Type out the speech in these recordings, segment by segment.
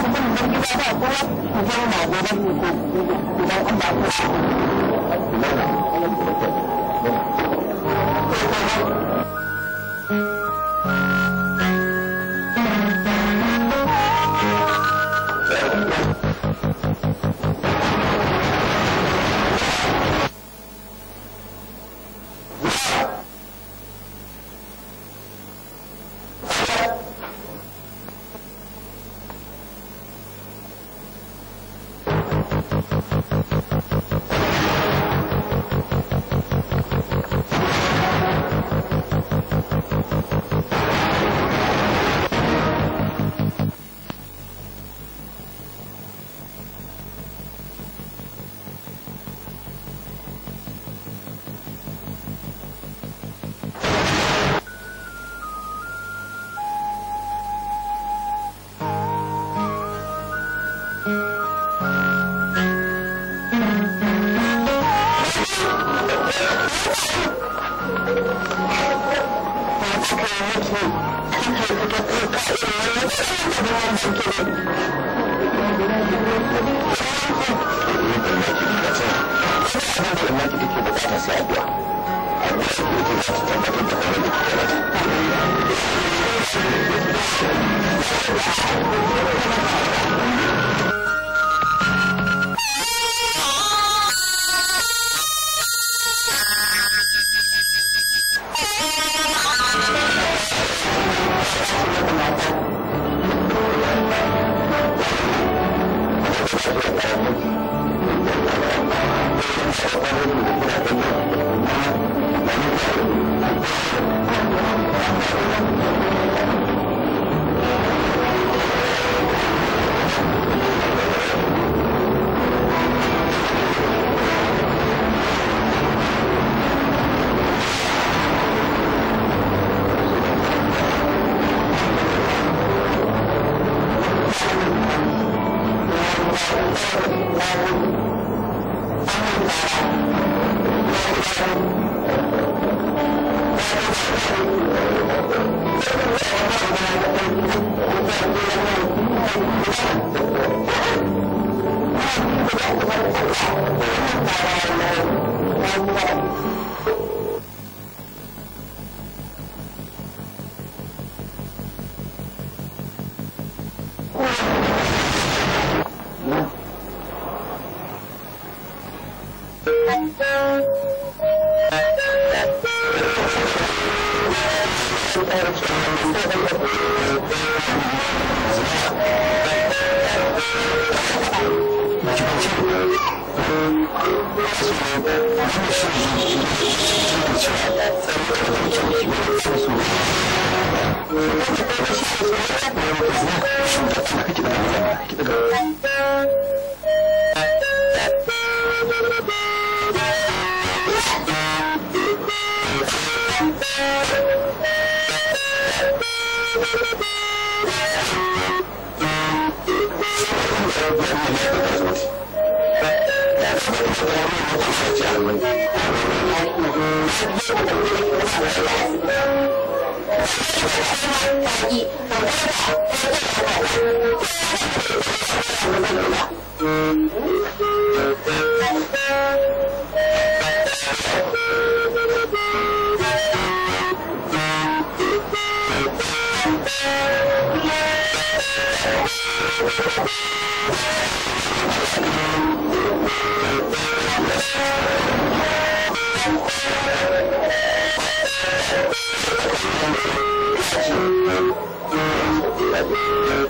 abin da gida ba kowa ku zauna gobe ku idan an ba ku 我三一，九七九，六六六，八八八，三三三。Yeah.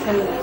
understand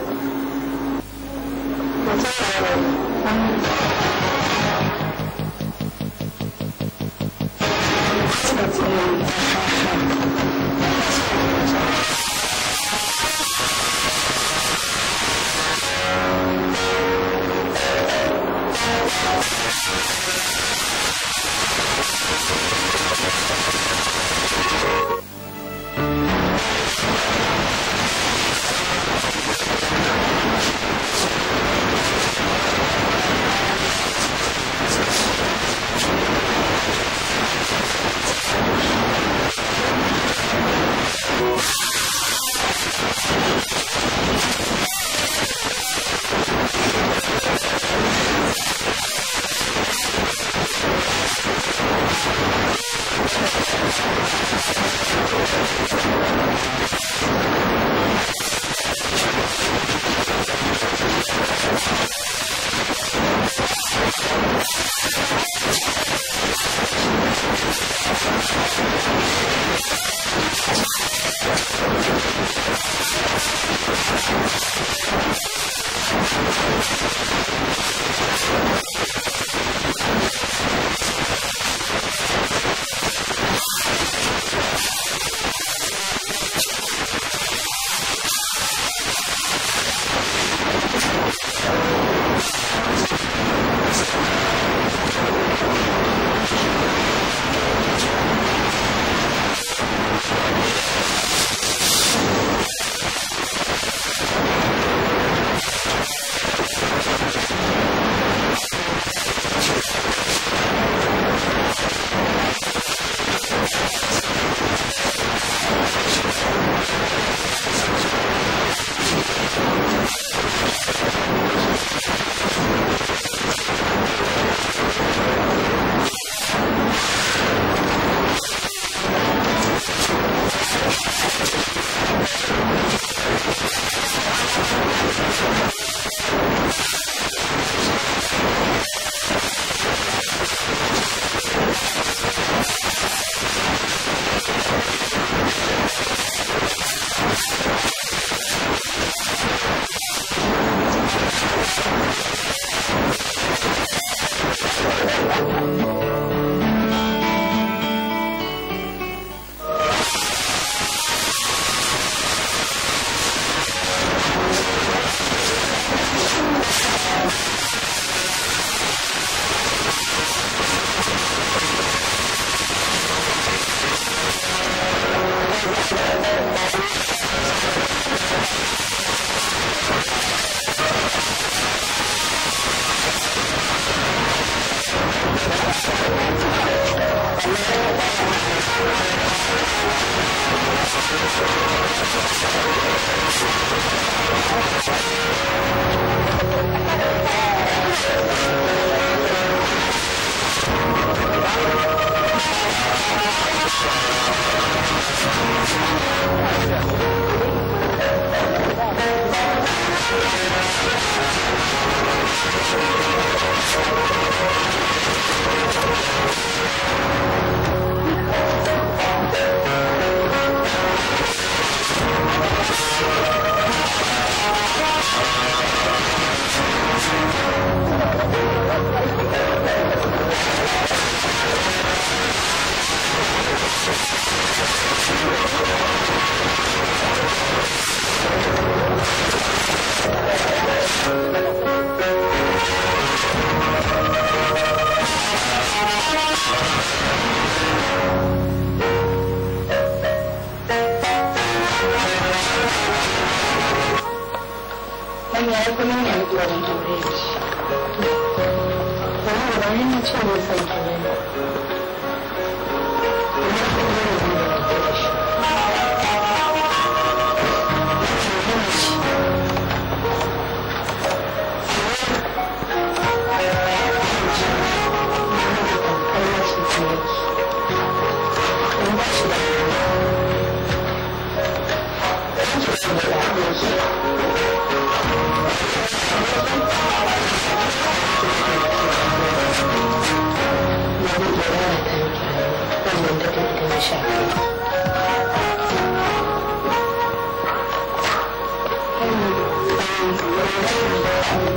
Thank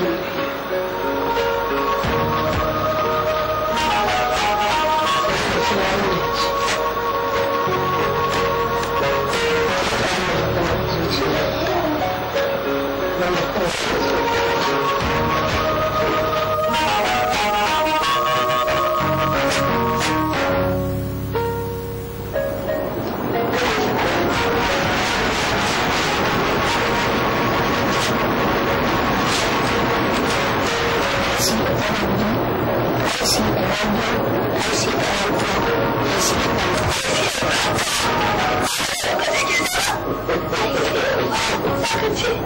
you. Thank you.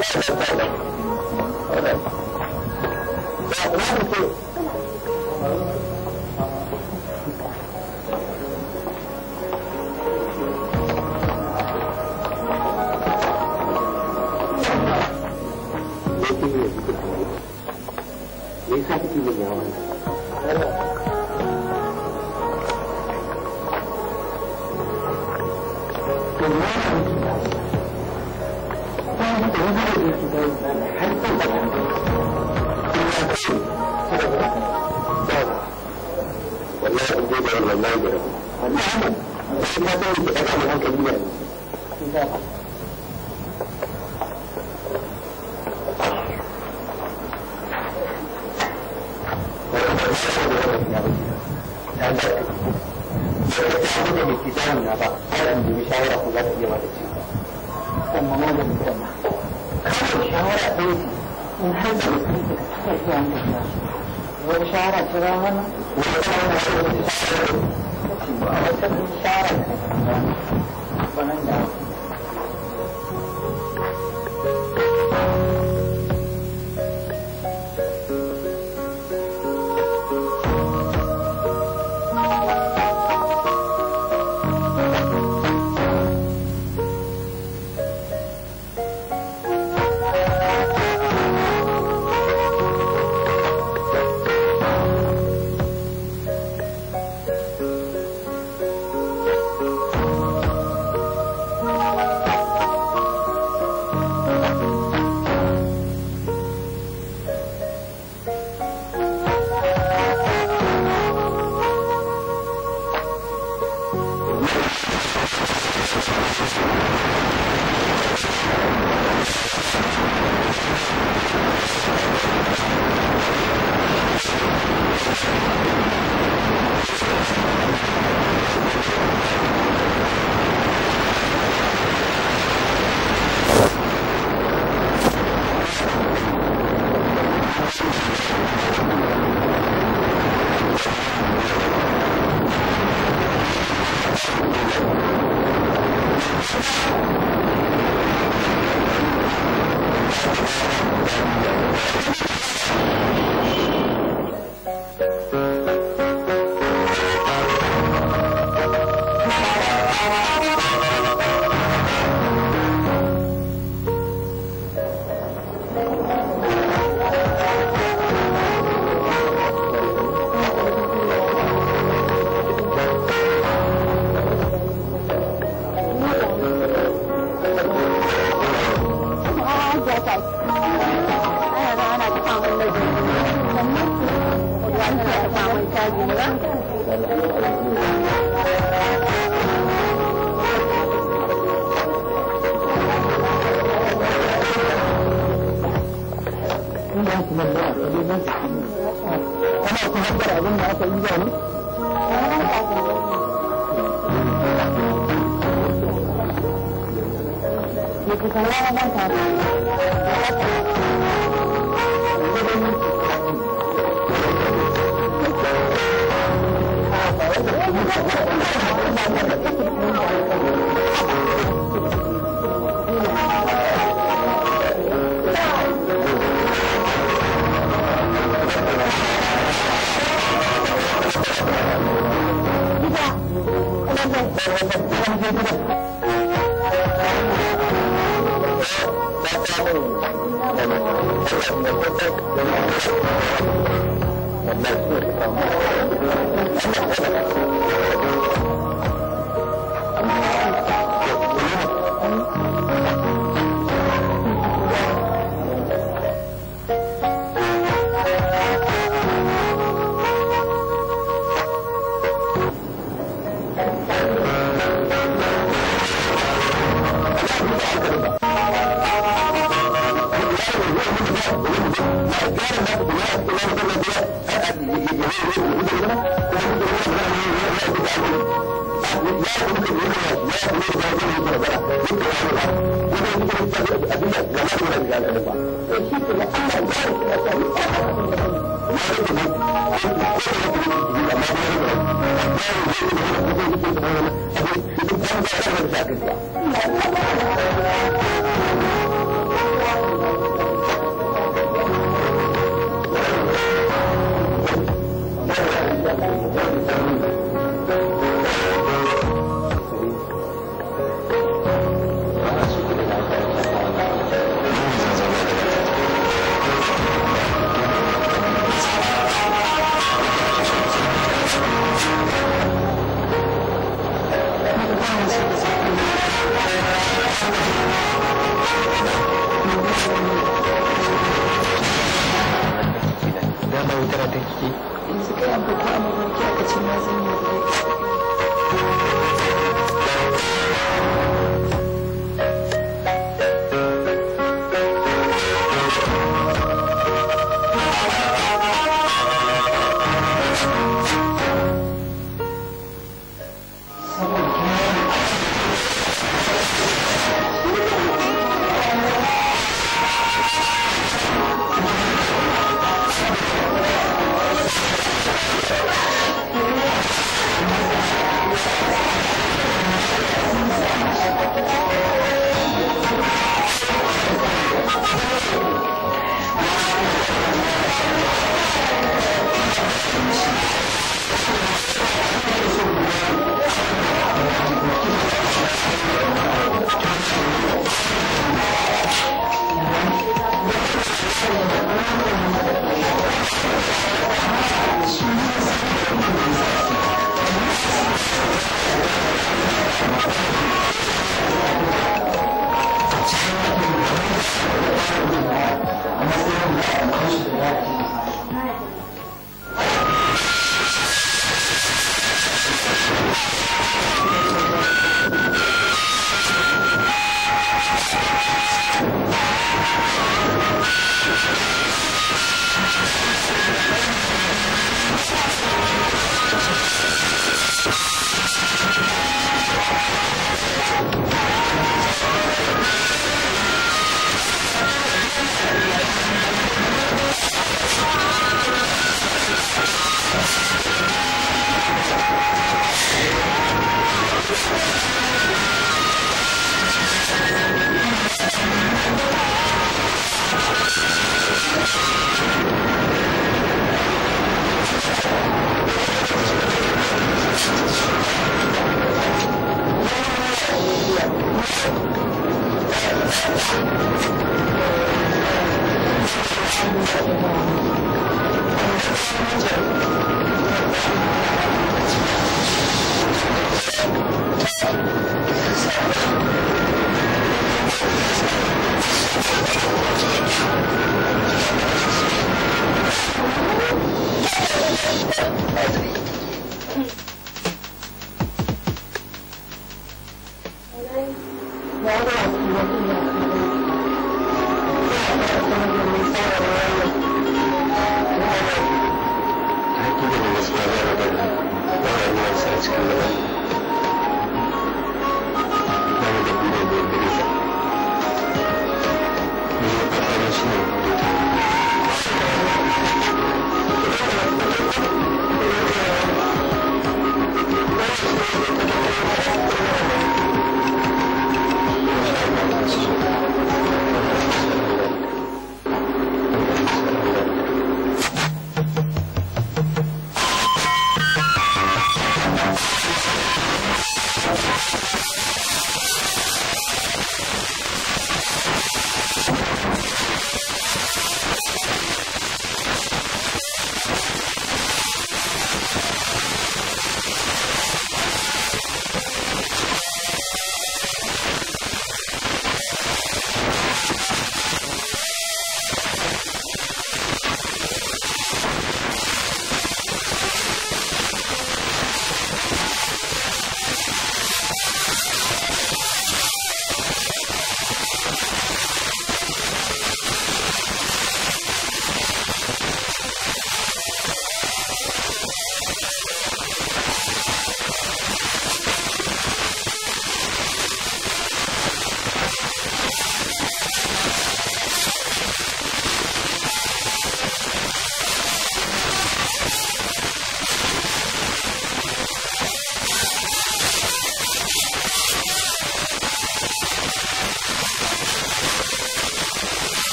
Thank you.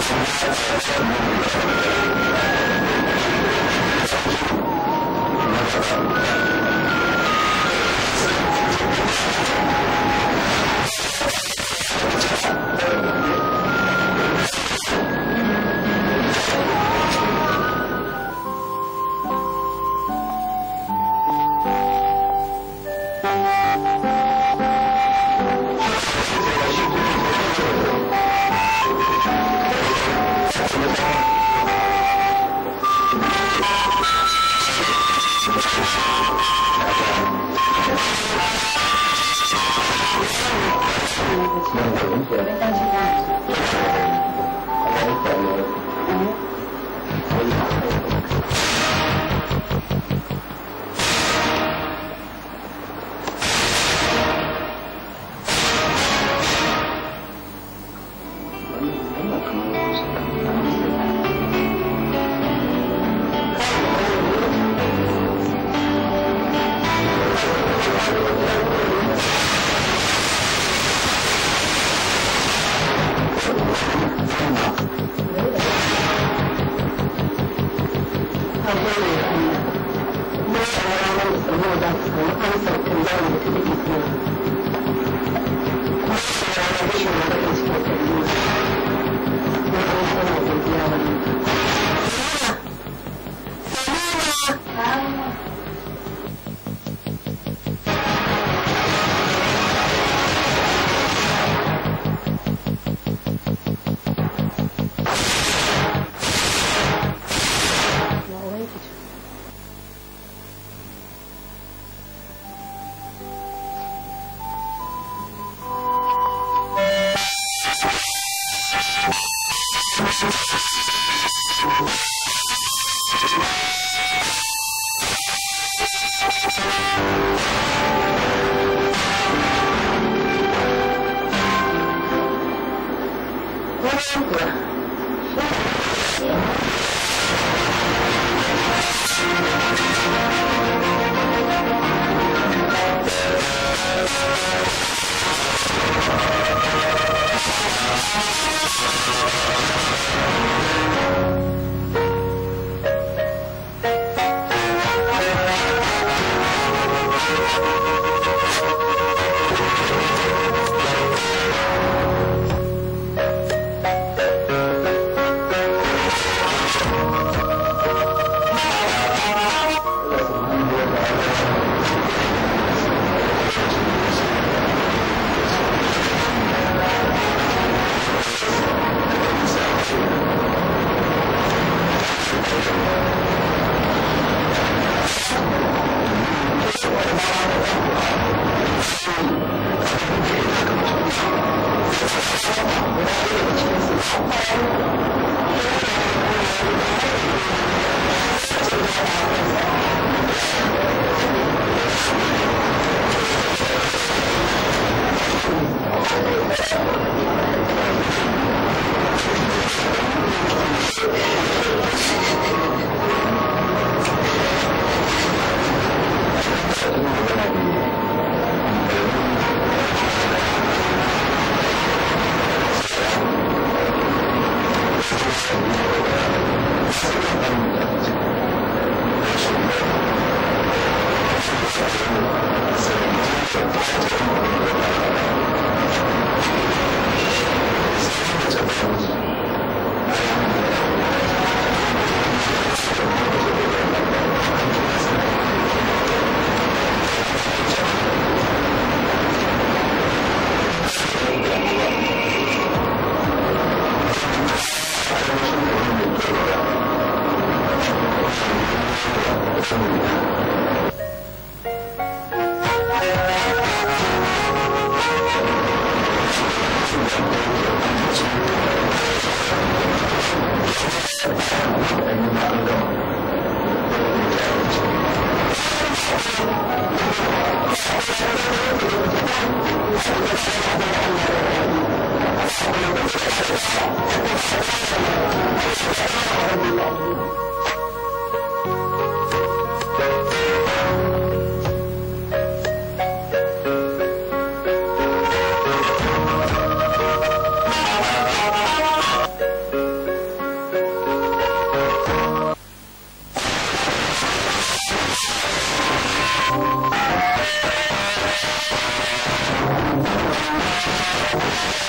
Thank you.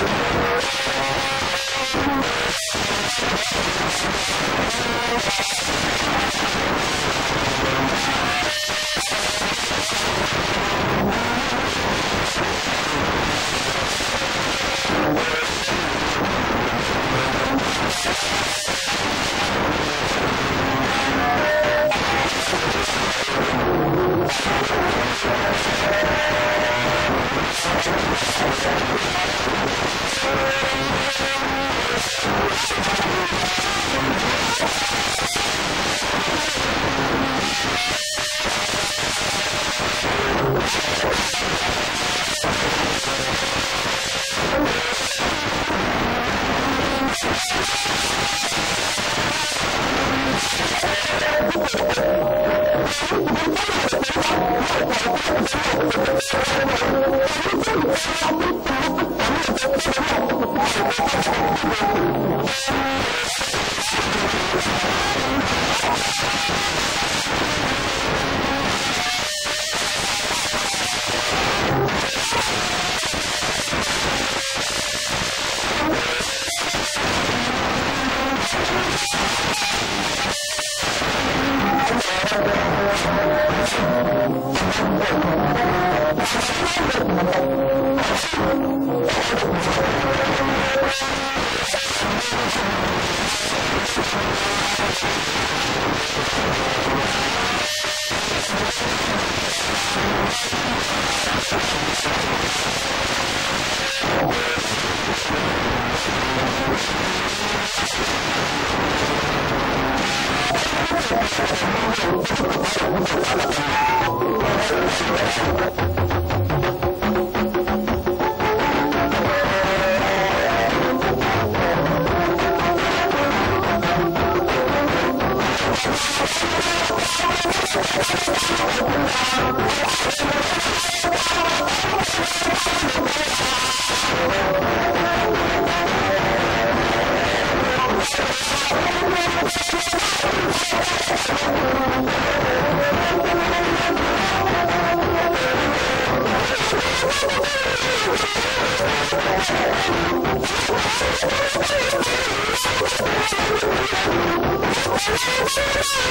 Thank you. I'm sorry.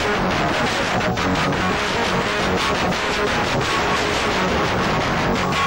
I'm sorry.